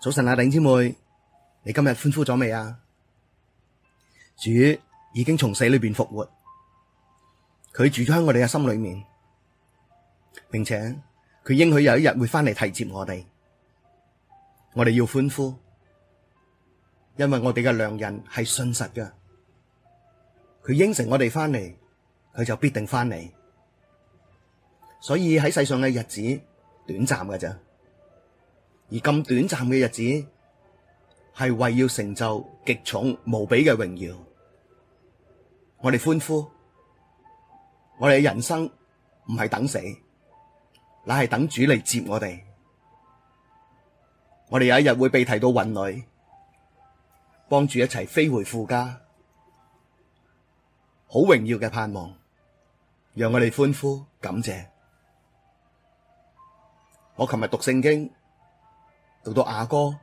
早晨啊，弟姐妹，你今日歡呼咗未啊？主已經從死裏邊復活，佢住咗喺我哋嘅心裏面，並且佢應許有一日會翻嚟提接我哋，我哋要歡呼，因為我哋嘅良人係信實嘅，佢應承我哋翻嚟，佢就必定翻嚟，所以喺世上嘅日子短暫噶咋。而咁短暫嘅日子，係為要成就極重無比嘅榮耀，我哋歡呼。我哋嘅人生唔係等死，乃係等主嚟接我哋。我哋有一日會被提到雲裏，幫住一齊飛回父家，好榮耀嘅盼望，讓我哋歡呼感謝。我琴日讀聖經。讀到雅歌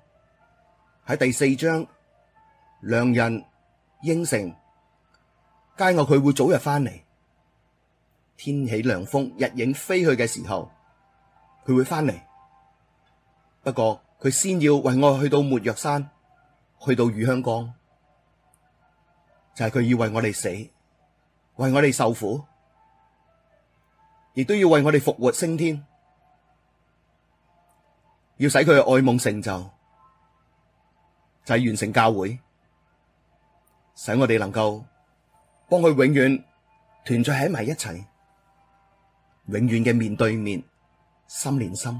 喺第四章，良人應承，皆我佢會早日翻嚟。天起涼風，日影飛去嘅時候，佢會翻嚟。不過佢先要為我去到沒藥山，去到乳香岡，就係、是、佢要為我哋死，為我哋受苦，亦都要為我哋復活升天。要使佢嘅愛夢成就，就係完成教會，使我哋能夠幫佢永遠團聚喺埋一齊，永遠嘅面對面心連心，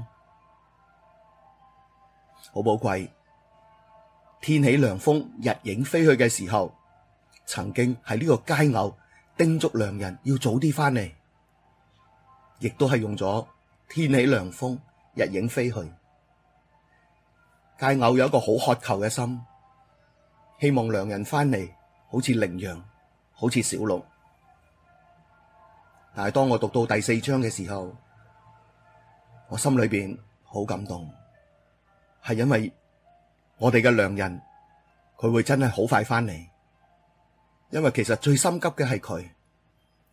好寶貴。天起涼風，日影飛去嘅時候，曾經係呢個佳偶叮囑良人要早啲翻嚟，亦都係用咗天起涼風，日影飛去。佳偶有一個好渴求嘅心，希望良人翻嚟，好似羚羊，好似小鹿。但係當我讀到第四章嘅時候，我心裏面好感動，係因為我哋嘅良人，佢會真係好快翻嚟，因為其實最心急嘅係佢，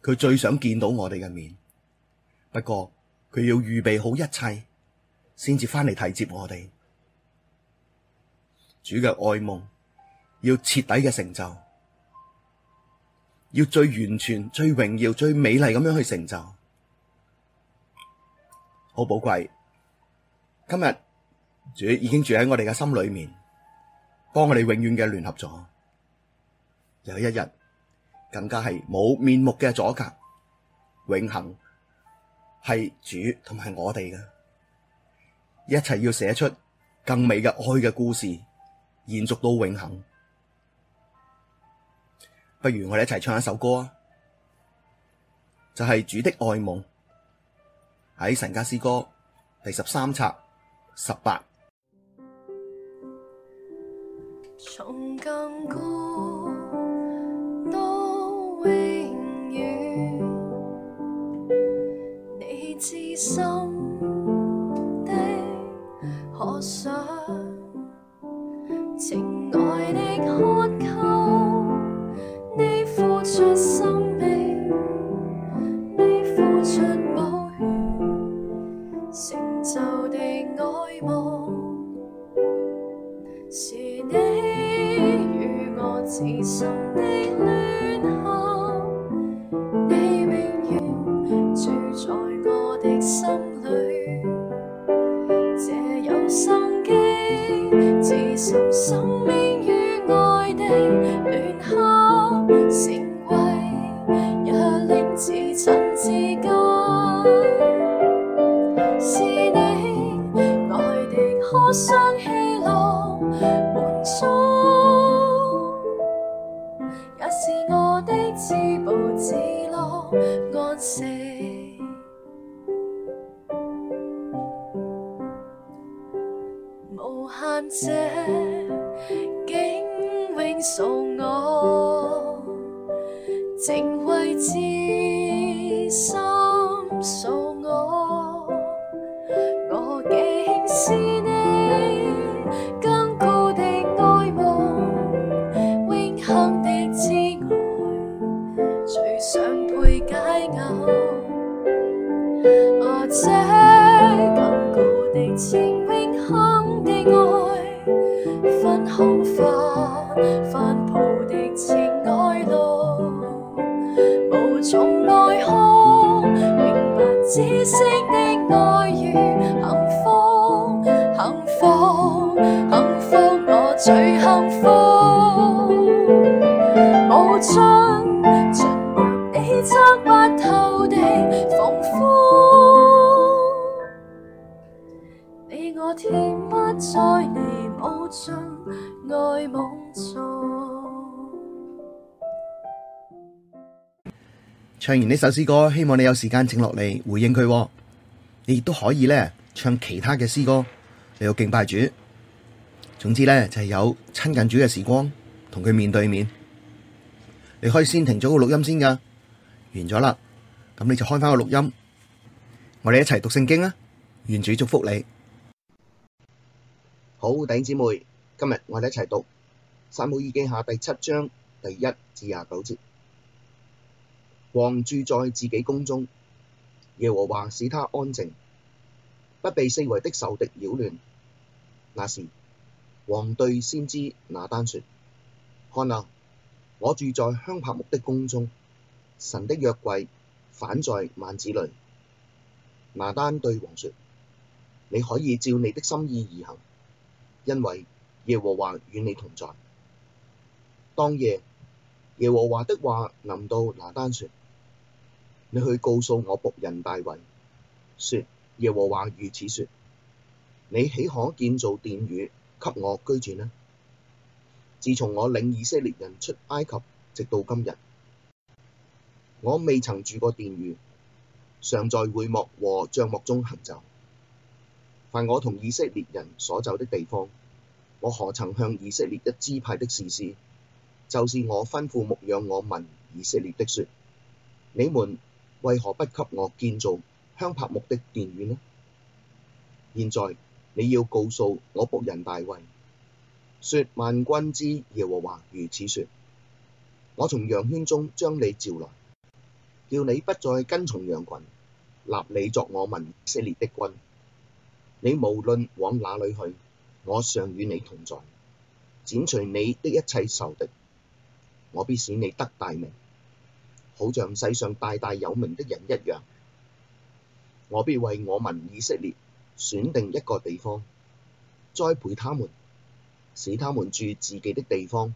佢最想見到我哋嘅面。不過佢要預備好一切，先至翻嚟睇接我哋。主嘅愛夢要徹底嘅成就，要最完全、最榮耀、最美麗咁樣去成就，好寶貴。今日主已經住喺我哋嘅心裏面，幫我哋永遠嘅聯合咗。有一日更加係冇面目嘅阻隔，永恆係主同埋我哋嘅，一齊要寫出更美嘅愛嘅故事。延續到永恒，不如我哋一齊唱一首歌啊！就係、是、主的愛夢，喺神家詩歌第十三冊十八。從亙古到永遠，你至深的渴想。渴求，你付出生命，你付出寶血，成就的愛夢，是你與我至深的聯。唱完呢首詩歌，希望你有時間靜落嚟回應佢。你亦都可以咧唱其他嘅詩歌，你要敬拜主。總之咧就係、是、有親近主嘅時光，同佢面對面。你可以先停咗個錄音先噶，完咗啦，咁你就開翻個錄音，我哋一齊讀聖經啊！願主祝福你。好，弟兄姊妹，今日我哋一齊讀撒母耳記下第七章第一至廿九節。王住在自己宮中，耶和華使他安靖，不被四圍的仇敵擾亂。那時，王對先知拿單說：看啊，我住在香柏木的宮中，神的約櫃反在幔子裡。」拿單對王說：你可以照你的心意而行，因為耶和華與你同在。當夜，耶和華的話臨到拿單說。你去告訴我僕人大衛，說耶和華如此說：你豈可建造殿宇給我居住呢？自從我領以色列人出埃及，直到今日，我未曾住過殿宇，常在會幕和帳幕中行走。凡我同以色列人所走的地方，我何曾向以色列一支派的士師，就是我吩咐牧養我民以色列的，說你們。為何不給我建造香柏木的殿宇呢？現在你要告訴我僕人大衛，說萬軍之耶和華如此說：我從羊圈中將你召來，叫你不再跟從羊群，立你作我民以色列的君。你無論往哪裡去，我常與你同在，剪除你的一切仇敵，我必使你得大名。好像世上大大有名的人一樣，我必為我民以色列選定一個地方，栽培他們，使他們住自己的地方，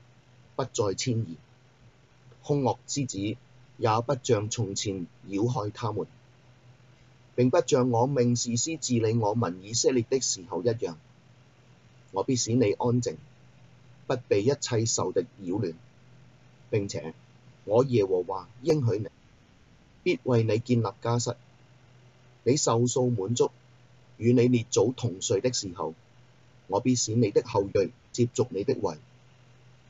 不再遷移。兇惡之子也不像從前擾害他們。並不像我命士師治理我民以色列的時候一樣，我必使你安靖，不被一切仇敵擾亂。並且我耶和華應許你，必為你建立家室；你壽數滿足，與你列祖同睡的時候，我必使你的後裔接續你的位；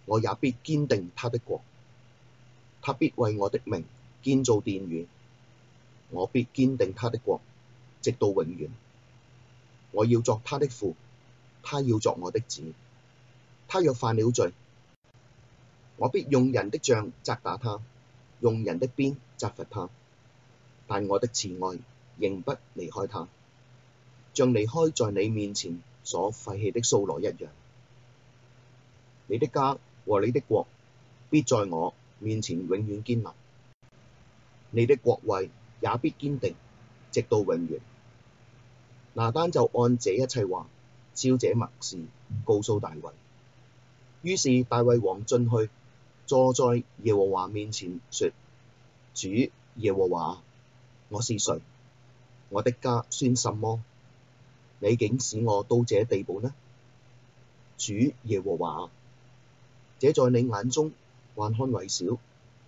我也必堅定他的國。他必為我的名建造殿宇；我必堅定他的國，直到永遠。我要作他的父，他要作我的子。他若犯了罪，我必用人的杖責打他，用人的鞭責罰他，但我的慈愛仍不離開他，像離開在你面前所廢棄的掃羅一樣。你的家和你的國必在我面前永遠堅立，你的國位也必堅定，直到永遠。拿單就按這一切話，照這默示，告訴大衛。於是大衛王進去。坐在耶和華面前說：主耶和華，我是誰？我的家算什麼？你竟使我到這地步呢？主耶和華，這在你眼中還看為小，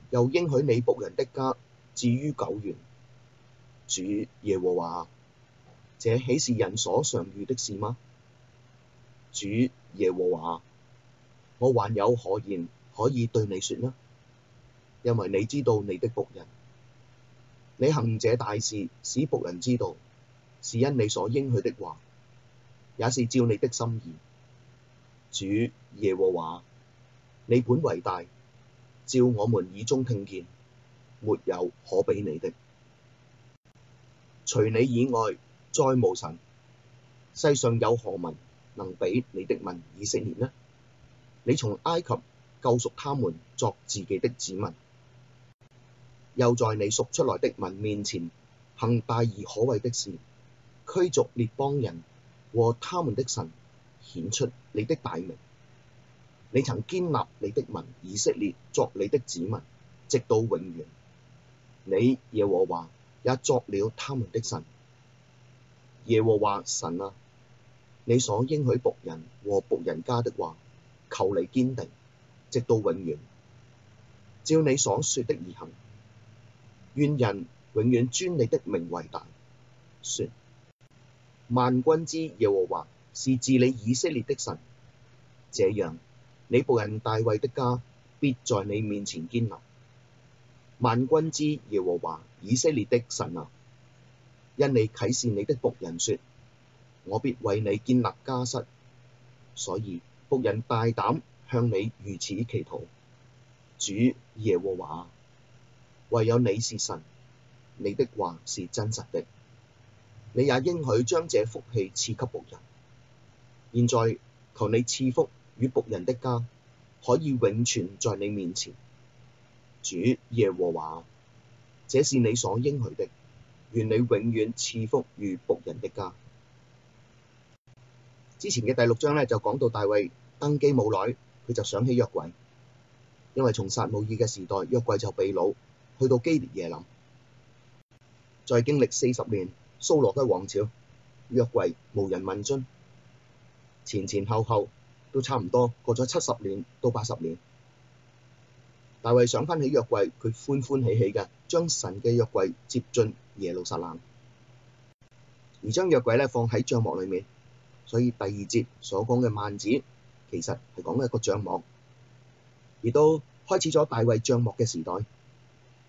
又應許你僕人的家至於久遠。主耶和華，這豈是人所常遇的事嗎？主耶和華，我還有何言。可以對你説呢？因為你知道你的僕人。你行這大事使僕人知道，是因你所應許的話，也是照你的心意。主耶和華，你本為大，照我們耳中聽見，沒有可比你的。除你以外再無神，世上有何民能比你的民以色列呢？你從埃及救贖他們作自己的子民，又在你贖出來的民面前行大而可畏的事，驅逐列邦人和他們的神，顯出你的大名。你曾堅立你的民以色列作你的子民，直到永遠。你耶和華也作了他們的神。耶和華神啊，你所應許僕人和僕人家的話，求你堅定。直到永遠，照你所說的而行，願人永遠尊你的名為大。說，萬軍之耶和華是治理以色列的神，這樣你僕人大衛的家必在你面前堅立。萬軍之耶和華以色列的神啊，因你啟示你的僕人說，我必為你建立家室，所以僕人大膽。向你如此祈禱，主耶和華，唯有你是神，你的話是真實的，你也應許將這福氣賜給僕人。現在求你賜福與僕人的家，可以永存在你面前，主耶和華，這是你所應許的，願你永遠賜福與僕人的家。之前嘅第六章呢，就講到大衛登基冇耐。佢就想起約櫃，因為從撒母耳嘅時代，約櫃就被擄去到基列耶林，再經歷四十年掃羅嘅王朝，約櫃無人問津，前前後後都差唔多過咗七十年到八十年，大衛想翻起約櫃，佢歡歡喜喜嘅將神嘅約櫃接進耶路撒冷，而將約櫃咧放喺帳幕裏面，所以第二節所講嘅幔子。其實係講一個帳幕，亦都開始咗大衛帳幕嘅時代，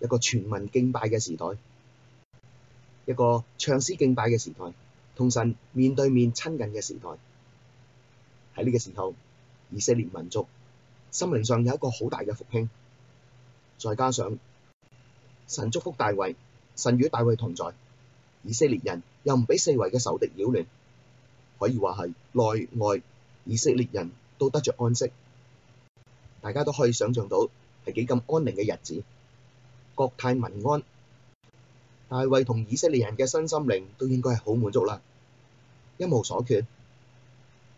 一個全民敬拜嘅時代，一個唱詩敬拜嘅時代，同神面對面親近嘅時代。喺呢個時候，以色列民族心靈上有一個好大嘅復興。再加上神祝福大衛，神與大衛同在，以色列人又唔俾四圍嘅仇敵擾亂，可以話係內外以色列人，都得著安息，大家都可以想象到係幾咁安寧嘅日子，國泰民安。大衛同以色列人嘅身心靈都應該係好滿足啦，一無所缺。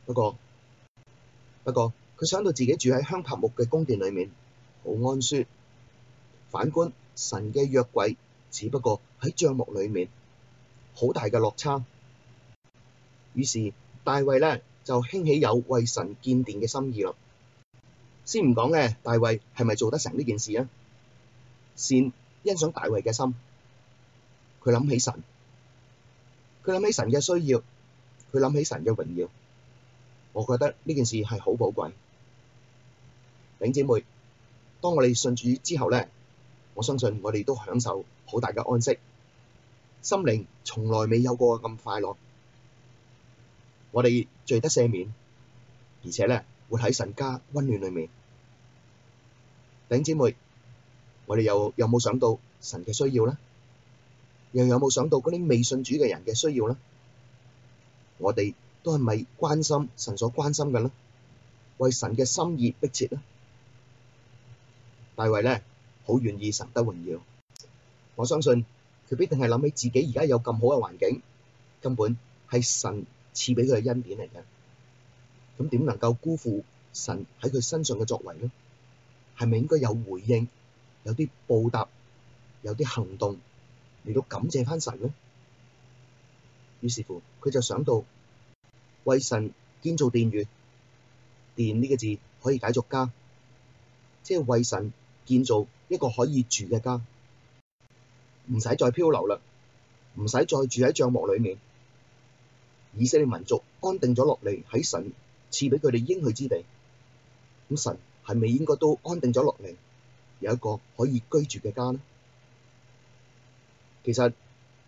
不過，不過佢想到自己住喺香柏木嘅宮殿裏面，好安舒。反觀神嘅約櫃，只不過喺帳幕裏面，好大嘅落差。於是大衛呢。就興起有為神建殿嘅心意啦。先唔講咧，大衛係咪做得成呢件事啊？先欣賞大衛嘅心，佢諗起神，佢諗起神嘅需要，佢諗起神嘅榮耀。我覺得呢件事係好寶貴。弟兄姊妹，當我哋信主之後咧，我相信我哋都享受好大嘅安息，心靈從來未有過咁快樂。我哋聚得赦免，而且咧，活喺神家溫暖裏面。頂姐妹，我哋又有冇想到神嘅需要咧？又有冇想到嗰啲未信主嘅人嘅需要咧？我哋都係咪關心神所關心嘅咧？為神嘅心意逼切咧？大衛咧，好願意神得榮耀。我相信佢必定係諗起自己而家有咁好嘅環境，根本係神。賜俾佢嘅恩典嚟嘅，咁點能夠辜負神喺佢身上嘅作為呢？係咪應該有回應，有啲報答，有啲行動嚟到感謝翻神呢？於是乎，佢就想到為神建造殿宇，殿呢個字可以解作家，即係為神建造一個可以住嘅家，唔使再漂流啦，唔使再住喺帳幕裏面。以色列民族安定咗落嚟，喺神賜俾佢哋應許之地，咁神係咪應該都安定咗落嚟，有一個可以居住嘅家呢？其實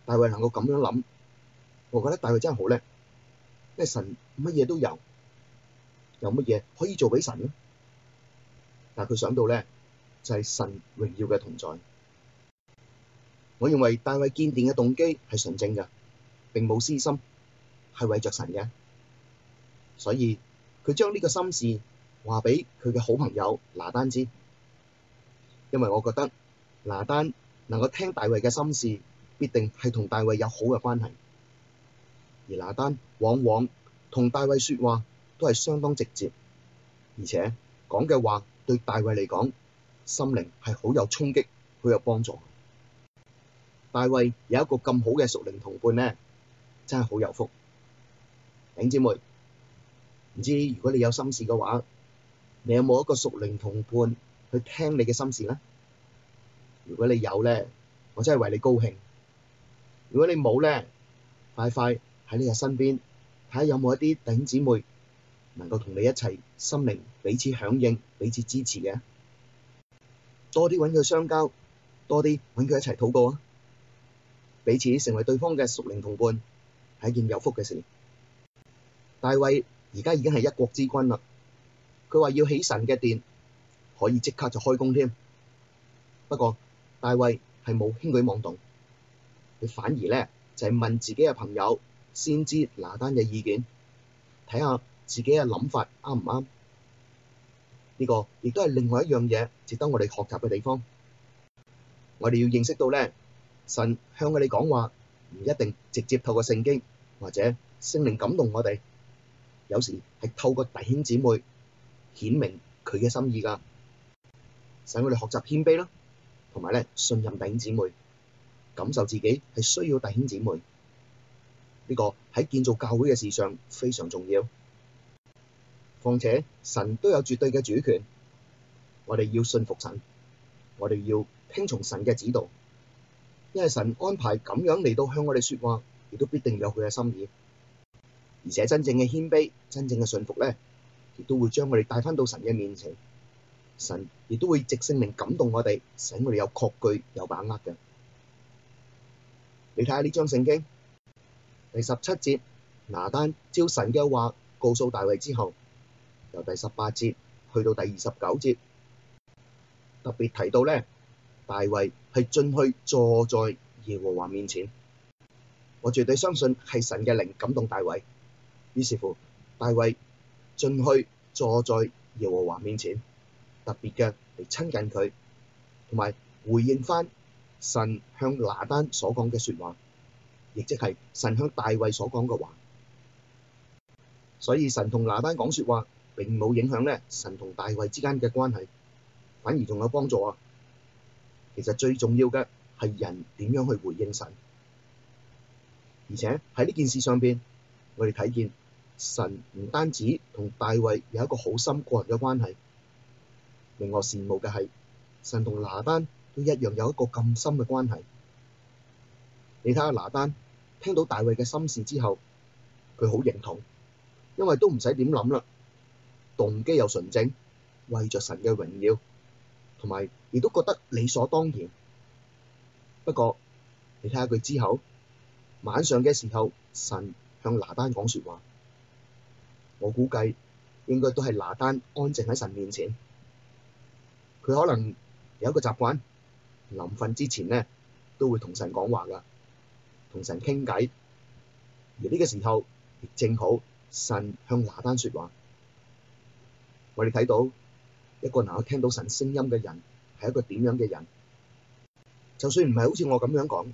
大衛能夠咁樣諗，我覺得大衛真係好叻，因為神乜嘢都有，有乜嘢可以做俾神咯。但係佢想到咧，就係神榮耀嘅同在。我認為大衛建殿嘅動機係純正嘅，並冇私心。係為着神嘅，所以佢將呢個心事話俾佢嘅好朋友拿單知，因為我覺得拿單能夠聽大衛嘅心事，必定係同大衛有好嘅關係。而拿單往往同大衛說話都係相當直接，而且講嘅話對大衛嚟講心靈係好有衝擊，好有幫助。大衛有一個咁好嘅屬靈同伴呢，真係好有福。弟姐妹，唔知如果你有心事嘅話，你有冇一個屬靈同伴去聽你嘅心事咧？如果你有咧，我真係為你高興；如果你冇咧，快快喺你嘅身邊睇下有冇一啲弟姐妹能夠同你一齊心靈彼此響應、彼此支持嘅，多啲揾佢相交，多啲揾佢一齊禱告啊！彼此成為對方嘅屬靈同伴，係一件有福嘅事。大衛而家已經係一國之君啦，佢話要起神嘅殿，可以即刻就開工添。不過大衛係冇輕舉妄動，佢反而咧就係問自己嘅朋友，先知拿單嘅意見，睇下自己嘅諗法啱唔啱。呢個亦都係另外一樣嘢，值得我哋學習嘅地方。我哋要認識到咧，神向我哋講話唔一定直接透過聖經，或者聖靈感動我哋。有時係透過弟兄姊妹顯明佢嘅心意噶，使我哋學習謙卑啦，同埋咧信任弟兄姊妹，感受自己係需要弟兄姊妹。呢個喺建造教會嘅事上非常重要。況且神都有絕對嘅主權，我哋要信服神，我哋要聽從神嘅指導，因為神安排咁樣嚟到向我哋說話，亦都必定有佢嘅心意。而且真正嘅謙卑、真正嘅信服咧，亦都會將我哋帶翻到神嘅面前。神亦都會藉聖靈感動我哋，使我哋有確據、有把握嘅。你睇下呢章聖經，第十七節拿單照神嘅話告訴大衛之後，由第十八節去到第二十九節，特別提到咧，大衛係進去坐在耶和華面前。我絕對相信係神嘅靈感動大衛。於是乎，大衛進去坐在耶和華面前，特別嘅嚟親近佢，同埋回應翻神向拿單所講嘅說話，亦即係神向大衛所講嘅話。所以神同拿單講說話，並冇影響咧，神同大衛之間嘅關係，反而仲有幫助啊！其實最重要嘅係人點樣去回應神，而且喺呢件事上邊，我哋睇見。神唔單止同大衛有一個好深個人嘅關係，令我羨慕嘅係神同拿單都一樣有一個咁深嘅關係。你睇下拿單聽到大衛嘅心事之後，佢好認同，因為都唔使點諗啦，動機又純正，為着神嘅榮耀，同埋亦都覺得理所當然。不過你睇下佢之後晚上嘅時候，神向拿單講說話。我估計應該都係拿單安靜喺神面前，佢可能有一個習慣，臨瞓之前咧都會同神講話㗎，同神傾偈，而呢個時候亦正好神向拿單說話。我哋睇到一個能夠聽到神聲音嘅人係一個點樣嘅人？就算唔係好似我咁樣講，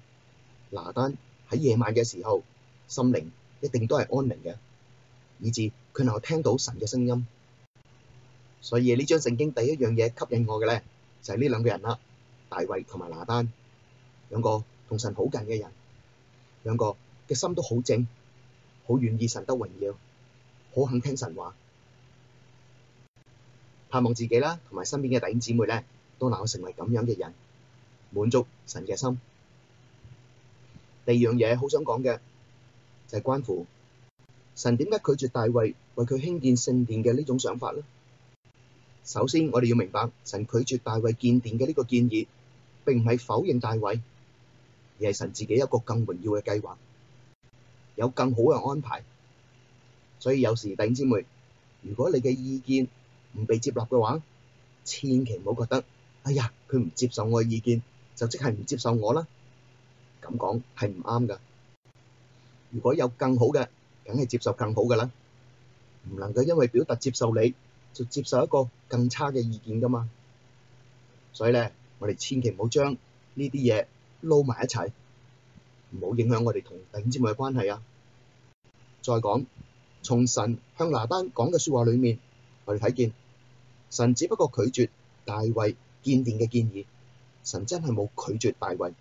拿單喺夜晚嘅時候，心靈一定都係安寧嘅，以至……佢能夠聽到神嘅聲音，所以呢章聖經第一樣嘢吸引我嘅咧，就係呢兩個人啦，大衛同埋拿單，兩個同神好近嘅人，兩個嘅心都好正，好願意神得榮耀，好肯聽神話，盼望自己啦同埋身邊嘅弟兄姊妹咧，都能夠成為咁樣嘅人，滿足神嘅心。第二樣嘢好想講嘅就係關乎神點解拒絕大衛為佢興建聖殿嘅呢種想法呢？首先，我哋要明白，神拒絕大衛建殿嘅呢個建議，並唔係否認大衛，而係神自己一個更榮耀嘅計劃，有更好嘅安排。所以有時弟兄姊妹，如果你嘅意見唔被接納嘅話，千祈唔好覺得，哎呀，佢唔接受我嘅意見，就即係唔接受我啦。咁講係唔啱噶。如果有更好嘅，梗係接受更好噶啦，唔能夠因為表達接受你就接受一個更差嘅意見噶嘛。所以咧，我哋千祈唔好將呢啲嘢撈埋一齊，唔好影響我哋同弟兄姊妹嘅關係啊。再講，從神向拿單講嘅說話裏面，我哋睇見神只不過拒絕大衛建殿嘅建議，神真係冇拒絕大衛，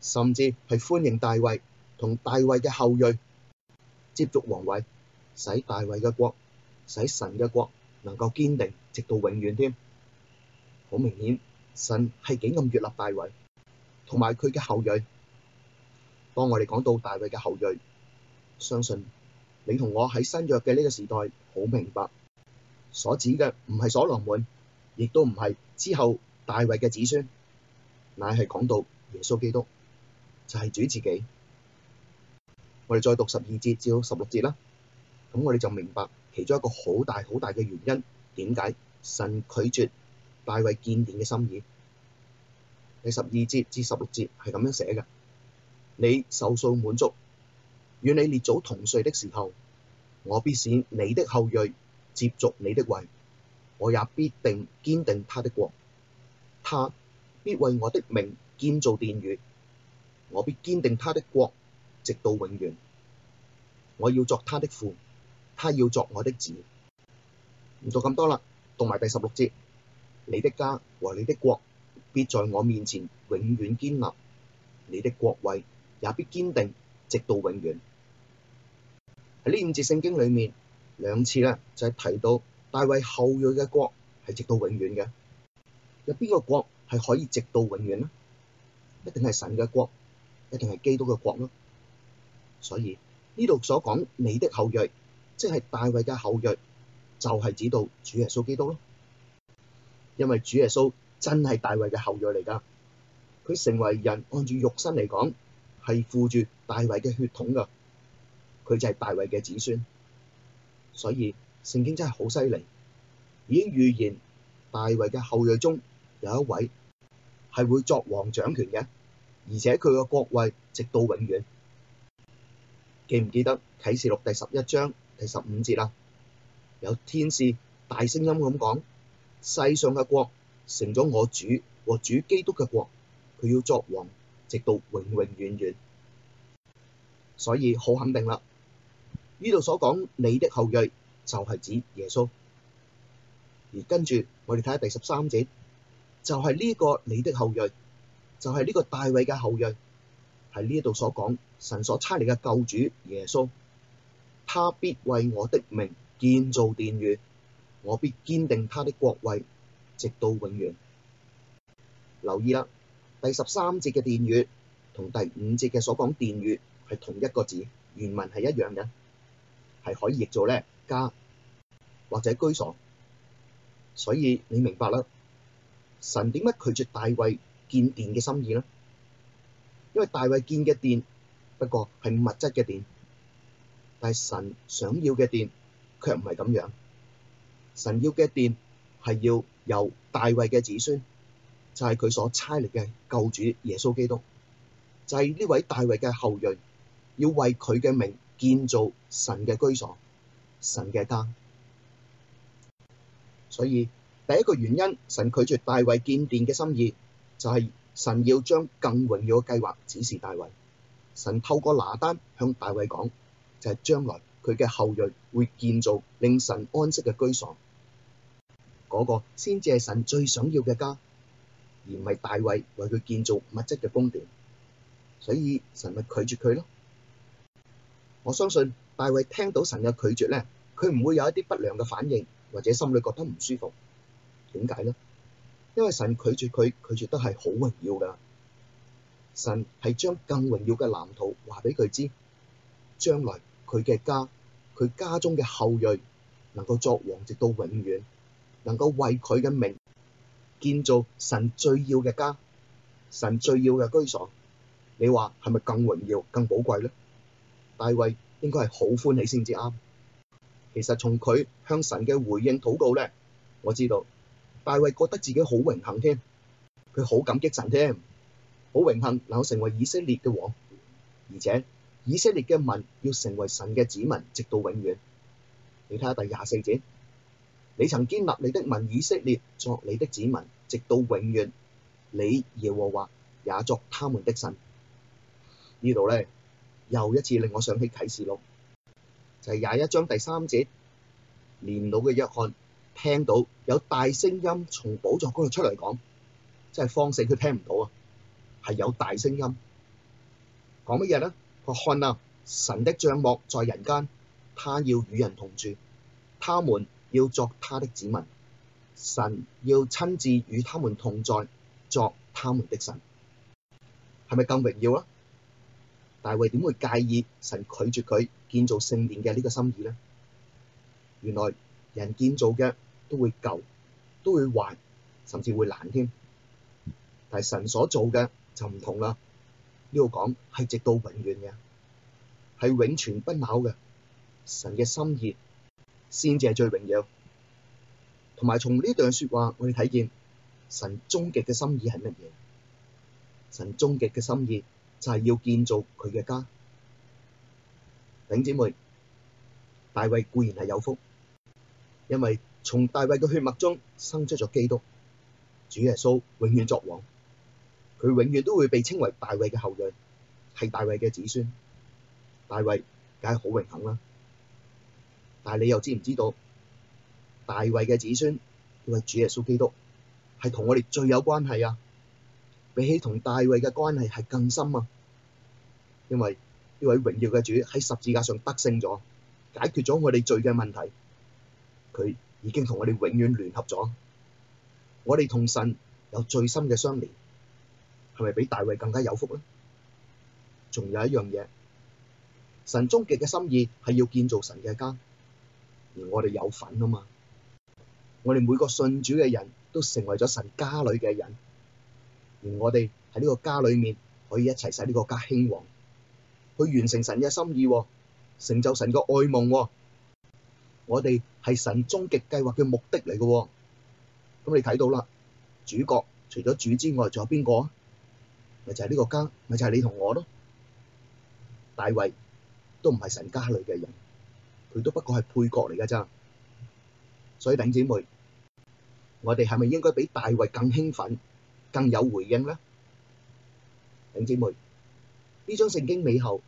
甚至係歡迎大衛同大衛嘅後裔。接續王位，使大衛嘅國，使神嘅國能夠堅定，直到永遠添。好明顯，神係幾咁確立大衛，同埋佢嘅後裔。當我哋講到大衛嘅後裔，相信你同我喺新約嘅呢個時代好明白，所指嘅唔係所羅門，亦都唔係之後大衛嘅子孫，乃係講到耶穌基督，就係主自己。我哋再讀十二節至到十六節啦，咁我哋就明白其中一個好大好大嘅原因點解神拒絕大衛建殿嘅心意。第十二節至十六節係咁樣寫嘅：你壽數滿足，與你列祖同睡的時候，我必使你的後裔接續你的位，我也必定堅定他的國，他必為我的名建造殿宇，我必堅定他的國。直到永遠，我要作他的父，他要作我的子。唔做咁多啦，讀埋第十六節：你的家和你的國必在我面前永遠堅立，你的國位也必堅定直到永遠。喺呢五節聖經裏面，兩次咧就係提到大衛後裔嘅國係直到永遠嘅。有邊個國係可以直到永遠呢？一定係神嘅國，一定係基督嘅國咯。所以呢度所講你的後裔，即係大衛嘅後裔，就係指到主耶穌基督咯。因為主耶穌真係大衛嘅後裔嚟噶，佢成為人按住肉身嚟講係附住大衛嘅血統噶，佢就係大衛嘅子孫。所以聖經真係好犀利，已經預言大衛嘅後裔中有一位係會作王掌權嘅，而且佢嘅國位直到永遠。記唔記得啟示錄第十一章第十五節啊？有天使大聲音咁講：世上嘅國成咗我主和主基督嘅國，佢要作王，直到永永遠遠。所以好肯定啦，呢度所講你的後裔就係指耶穌。而跟住我哋睇下第十三節，就係、是、呢個你的後裔，就係、是、呢個大衛嘅後裔，係呢度所講。神所差嚟嘅救主耶穌，他必為我的名建造殿宇，我必堅定他的國位，直到永遠。留意啦，第十三節嘅殿宇同第五節嘅所講殿宇係同一個字，原文係一樣嘅，係可以譯做咧家或者居所。所以你明白啦，神點解拒絕大衛建殿嘅心意呢？因為大衛建嘅殿。不過係物質嘅殿，但係神想要嘅殿卻唔係咁樣。神要嘅殿係要由大衛嘅子孫，就係佢所差嚟嘅救主耶穌基督，就係呢位大衛嘅後裔，要為佢嘅名建造神嘅居所、神嘅家。所以第一個原因，神拒絕大衛建殿嘅心意，就係神要將更榮耀嘅計劃指示大衛。神透過拿單向大衛講，就係、是、將來佢嘅後裔會建造令神安息嘅居所，嗰、那個先至係神最想要嘅家，而唔係大衛為佢建造物質嘅宮殿。所以神咪拒絕佢咯。我相信大衛聽到神嘅拒絕咧，佢唔會有一啲不良嘅反應，或者心裡覺得唔舒服。點解呢？因為神拒絕佢，拒絕得係好榮耀噶。神係將更榮耀嘅藍圖話俾佢知，將來佢嘅家，佢家中嘅後裔能夠作王直到永遠，能夠為佢嘅名建造神最要嘅家，神最要嘅居所。你話係咪更榮耀、更寶貴呢？大衛應該係好歡喜先至啱。其實從佢向神嘅回應禱告呢，我知道大衛覺得自己好榮幸添，佢好感激神添。好榮幸能夠成為以色列嘅王，而且以色列嘅民要成為神嘅子民，直到永遠。你睇下第廿四節，你曾堅立你的民以色列作你的子民，直到永遠。你耶和華也作他們的神。呢度咧，又一次令我想起啟示錄，就係廿一章第三節，年老嘅約翰聽到有大聲音從寶座嗰度出嚟講，真係放肆，佢聽唔到啊！係有大聲音講乜嘢咧？看啊，神的帳幕在人間，他要與人同住，他們要作他的子民，神要親自與他們同在，作他們的神，係咪更榮耀啊？大衛點會介意神拒絕佢建造聖殿嘅呢個心意咧？原來人建造嘅都會舊，都會壞，甚至會爛添，但係神所做嘅。就唔同啦，呢度講係直到永遠嘅，係永存不朽嘅。神嘅心意先至係最榮耀，同埋從呢段嘅說話，我哋睇見神終極嘅心意係乜嘢？神終極嘅心意就係要建造佢嘅家。丁姊妹，大衛固然係有福，因為從大衛嘅血脈中生出咗基督，主耶穌永遠作王。佢永遠都會被稱為大衛嘅後裔，係大衛嘅子孫。大衛梗係好榮幸啦。但係你又知唔知道，大衛嘅子孫，呢位主耶穌基督，係同我哋最有關係啊。比起同大衛嘅關係係更深啊，因為呢位榮耀嘅主喺十字架上得勝咗，解決咗我哋罪嘅問題。佢已經同我哋永遠聯合咗，我哋同神有最深嘅相連。係咪比大衛更加有福咧？仲有一樣嘢，神終極嘅心意係要建造神嘅家，而我哋有份啊嘛。我哋每個信主嘅人都成為咗神家裏嘅人，而我哋喺呢個家裏面可以一齊使呢個家興旺，去完成神嘅心意，哦，成就神個愛夢，哦。我哋係神終極計劃嘅目的嚟嘅，哦，咁你睇到啦。主角除咗主之外，仲有邊個？咪就係呢個家，咪就係、是、你同我咯。大衛都唔係神家裏嘅人，佢都不過係配角嚟噶咋。所以，等姐妹，我哋係咪應該比大衛更興奮、更有回應呢？等姐妹，呢章聖經尾後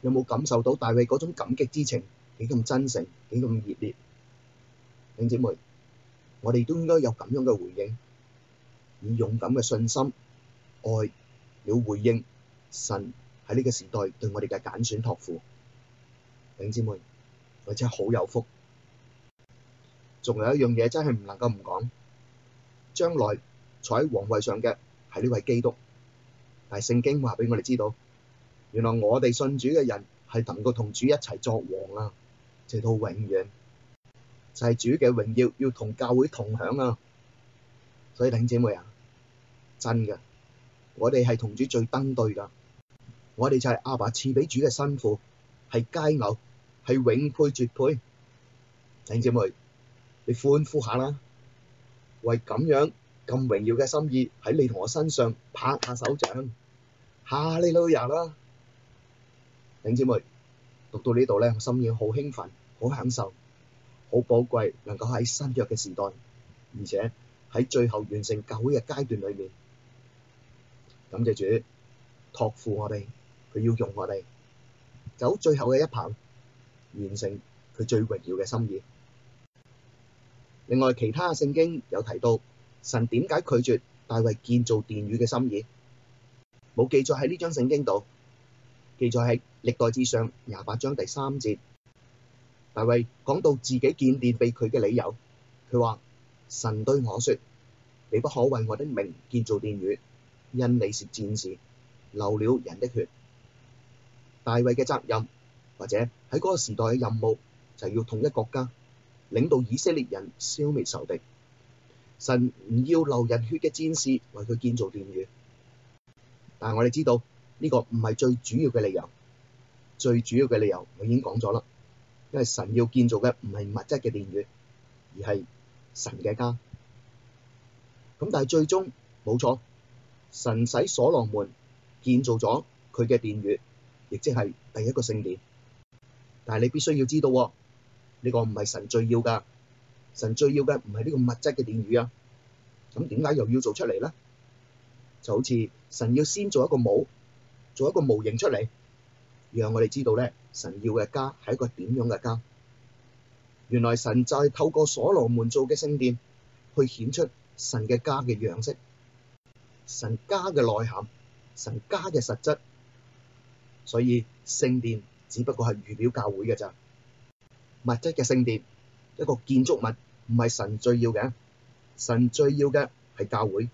有冇感受到大衛嗰種感激之情？幾咁真誠，幾咁熱烈？等姐妹，我哋都應該有咁樣嘅回應，以勇敢嘅信心。愛要回應神喺呢個時代對我哋嘅揀選託付，頂姊妹，我真係好有福。仲有一樣嘢真係唔能夠唔講，將來坐喺皇位上嘅係呢位基督。但係聖經話俾我哋知道，原來我哋信主嘅人係能夠同主一齊作王啊，直到永遠，就係主嘅榮耀要同教會同享啊。所以頂姊妹啊，真噶。我哋係同主最登對噶，我哋就係阿爸賜俾主嘅新婦，係佳偶，係永配絕配。弟兄姊妹，你歡呼下啦，為咁樣咁榮耀嘅心意喺你同我身上拍下手掌，哈利路亞啦！弟兄姊妹，讀到呢度咧，我心意好興奮，好享受，好寶貴，能夠喺新約嘅時代，而且喺最後完成教會嘅階段裏面。感謝主托付我哋，佢要用我哋走最後嘅一棒，完成佢最榮耀嘅心意。另外，其他聖經有提到神點解拒絕大衛建造殿宇嘅心意，冇記載喺呢張聖經度，記載喺歷代志上廿八章第三節。大衛講到自己建殿被拒嘅理由，佢話神對我說：你不可為我的名建造殿宇。因你是戰士，流了人的血。大衛嘅責任或者喺嗰個時代嘅任務，就要統一國家，領導以色列人消滅仇敵。神唔要流人血嘅戰士為佢建造殿宇，但係我哋知道呢個唔係最主要嘅理由。最主要嘅理由我已經講咗啦，因為神要建造嘅唔係物質嘅殿宇，而係神嘅家。咁但係最終冇錯。神使所羅門建造咗佢嘅殿宇，亦即係第一個聖殿。但係你必須要知道，呢個唔係神最要噶。神最要嘅唔係呢個物質嘅殿宇啊。咁點解又要做出嚟咧？就好似神要先做一個模，做一個模型出嚟，讓我哋知道咧，神要嘅家係一個點樣嘅家。原來神就係透過所羅門做嘅聖殿，去顯出神嘅家嘅樣式。神家嘅內涵，神家嘅實質，所以聖殿只不過係預表教會嘅咋。物質嘅聖殿，一個建築物唔係神最要嘅，神最要嘅係教會，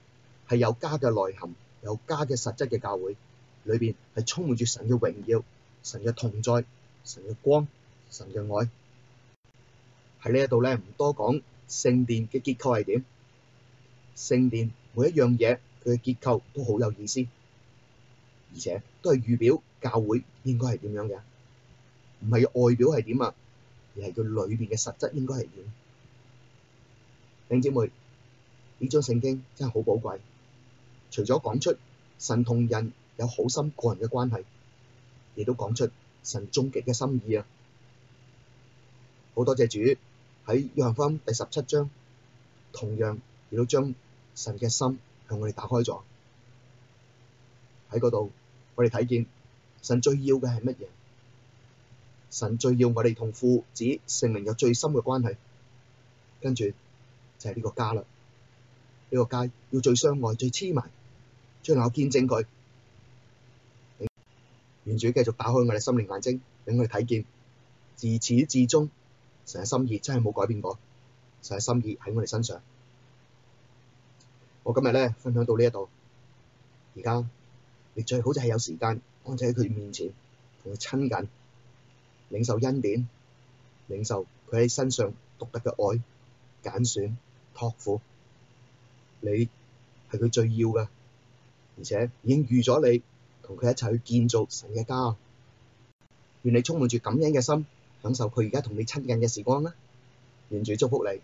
係有家嘅內涵、有家嘅實質嘅教會裏邊係充滿住神嘅榮耀、神嘅同在、神嘅光、神嘅愛。喺呢一度咧，唔多講聖殿嘅結構係點，聖殿每一樣嘢。佢嘅結構都好有意思，而且都係預表教會應該係點樣嘅，唔係外表係點啊，而係佢裏邊嘅實質應該係點。弟兄姊妹，呢章聖經真係好寶貴，除咗講出神同人有好深個人嘅關係，亦都講出神終極嘅心意啊！好多謝主喺約翰福音第十七章，同樣亦都將神嘅心。向我哋打開咗，喺嗰度，我哋睇見神最要嘅係乜嘢？神最要我哋同父子聖靈有最深嘅關係，跟住就係、是、呢個家啦，呢、這個家，要最相愛、最黐埋，將來見證佢，願主繼續打開我哋心靈眼睛，令我哋睇見自始至終神嘅心意真係冇改變過，神嘅心意喺我哋身上。我今日咧分享到呢一度，而家你最好就係有時間安靜喺佢面前，同佢親近，領受恩典，領受佢喺身上獨特嘅愛，揀選托付，你係佢最要嘅，而且已經預咗你同佢一齊去建造神嘅家。願你充滿住感恩嘅心，享受佢而家同你親近嘅時光啦。願主祝福你。